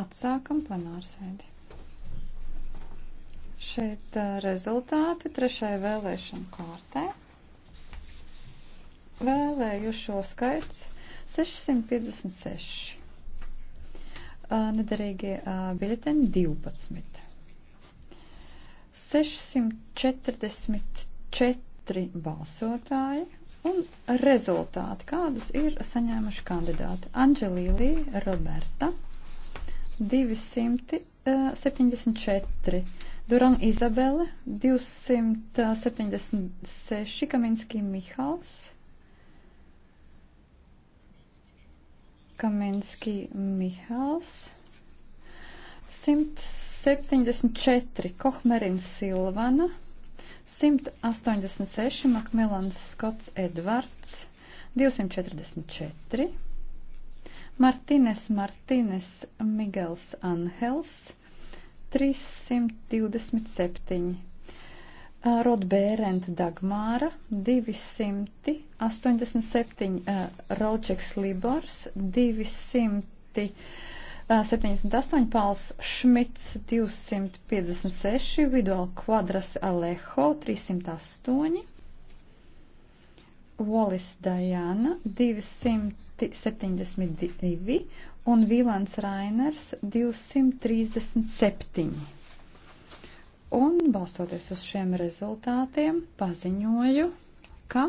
Atsākam plenārsēdi. Šeit uh, rezultāti trešajai vēlēšanu kārtē. Vēlējušo skaits 656. Uh, nedarīgie uh, biļeteni 12. 644 balsotāji un rezultāti, kādus ir saņēmuši kandidāti. Anģelīlī Roberta. 274. Eh, Duran Izabele 276. Eh, Kaminski Mihals. Kaminski Mihals. 174. Kohmerin Silvana. 186. Makmilans Skots Edvards. 244. Martines Martines Migels Anhels 327. Uh, Rodbērenta Dagmāra 287, uh, Ročeks Libors 278, uh, Pāls Šmits 256, Vidual Kvadras Alejo 308. Wallis Dajana 272 un Vīlāns Rainers 237. Un balstoties uz šiem rezultātiem paziņoju, ka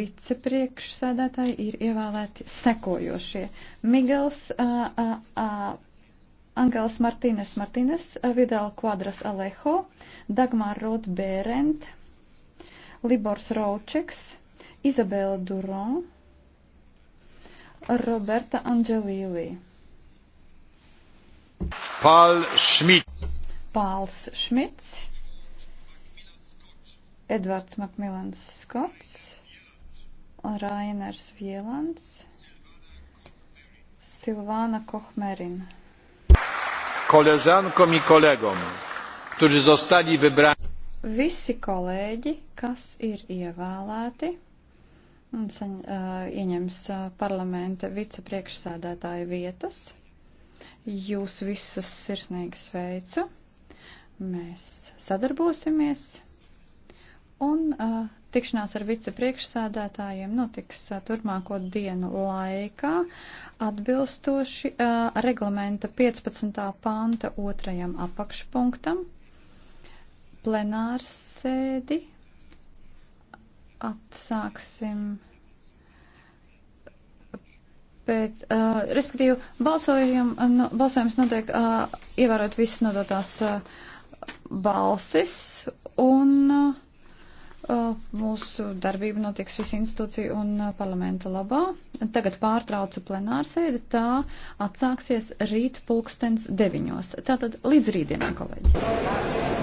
vicepriekšsēdētāji ir ievēlēti sekojošie. Migels uh, uh, uh, Angels Martīnes Martīnes, Vidal Kvadras Alejo, Dagmar Rod Bērent, Libors Raučeks, Izabela Duron, Roberta Anģelīlī. Pāls Šmits. Pāls Šmits. Edvards Makmilans Skots. Rainers Vielans. Silvāna Kochmerina. Koleżankom i kolegom, którzy zostali wybrani visi kolēģi, kas ir ievēlēti un saņ, uh, ieņems uh, parlamenta vicepriekšsēdētāja vietas, jūs visus sirsnīgi sveicu. Mēs sadarbosimies un uh, Tikšanās ar vicepriekšsādātājiem notiks turpmāko dienu laikā atbilstoši uh, reglamenta 15. panta otrajam apakšpunktam plenārsēdi atsāksim pēc, uh, respektīvi, balsojum, no, balsojums notiek uh, ievērot visas nodotās uh, balsis un uh, mūsu darbība notiks šīs institūcija un uh, parlamenta labā. Tagad pārtraucu plenārsēdi, tā atsāksies rīt pulkstens deviņos. Tātad līdz rītdienai, kolēģi.